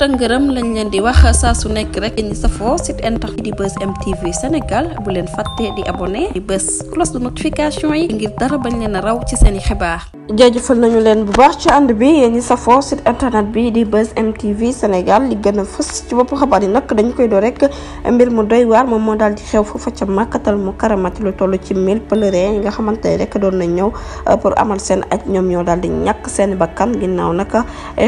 tëngërëm lañ leen di wax saa su nekk rek ñi safoo site internet di bës MTV Sénégal bu leen fàtte di abonné di bës cloche de notification yi ngir dara bañ leen a raw ci seen xibaar xibaar. jaajëfal nañu leen bu baax ci ànd bi yéen ñi safoo site internet bi di bës MTV Sénégal li gën a fës ci bopp xabaar yi nag dañu koy doo rek mbir mu doy waar moom moo daal di xew foofa ca màkkatal mu karamati lu toll ci mil pèlerins yi nga xamante ne rek doon nañ ñëw euh, pour amal seen aj ñoom ñoo daal di ñàkk seen bakkan ginnaaw nag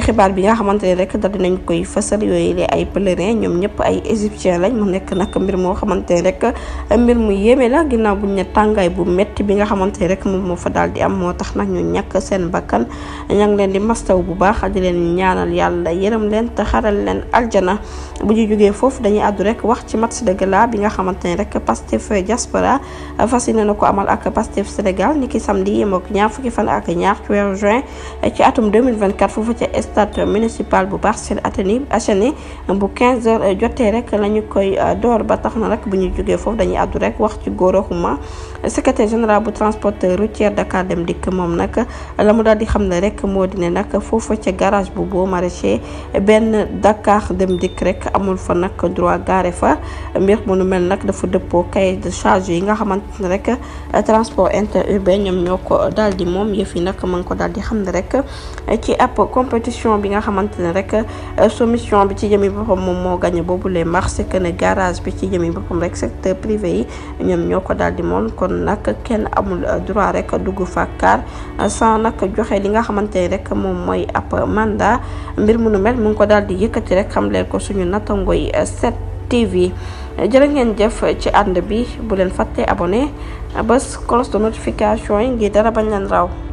xibaar bi nga xamante ne rek daal dinañ yooyu fësal yooyu lee ay pèlerin ñoom ñëpp ay égyptien lañ mu nekk nag mbir moo xamante rek mbir mu yéeme la ginnaaw buñ ne tàngaay bu métti bi nga xamante ne rek moom moo fa daal di am moo tax nag ñu ñàkk seen bakkan ña leen di mastaw bu baax di leen ñaanal yàlla yërëm leen te xaral leen aljana bu ñu jógee foofu dañuy àddu rek wax ci match de gala bi nga xamante ne rek Pastef diaspora fas yéene na ko amal ak Pastef Sénégal ni ki samedi yem ak ñaar fukki fan ak ñaar ci atum foofu ca stade municipal bu Parcelles ni bu 15 heures jotee rek la ñu koy euh, door ba tax na rek bu ñuy jógee foofu dañuy àddu rek wax ci goro ma secrétaire général bu transporteur routier Dakar Dem Dikk moom nag la mu daal di xam ne rek moo di ne nag foofa ca garage bu boo maraîcher benn Dakar Dem Dikk rek amul fa nag droit gaare fa mbir mu nu mel nag dafa dëppoo cahier de charge yi nga xamante ne rek transport interurbain ñoom ñoo ko daal moom yëf yi nag ma ko daal di xam ne rek ci ab compétition bi nga xamante rek. soumission bi ci jëmi boppam moom moo gagné boobu les marché que ne garage bi ci jëmi boppam rek secteur privé yi ñoom ñoo ko daal di moom kon nag kenn amul droit rek dugg fàkkaar sans nag joxe li nga xamante ni rek moom mooy ab mandat mbir mu nu mel mu ngi ko daal di yëkkati rek xam leen ko suñu nattango yi 7TV jërë ngeen jëf ci ànd bi bu leen fàtte abonné bés close de notification yi ngir dara bañ leen raw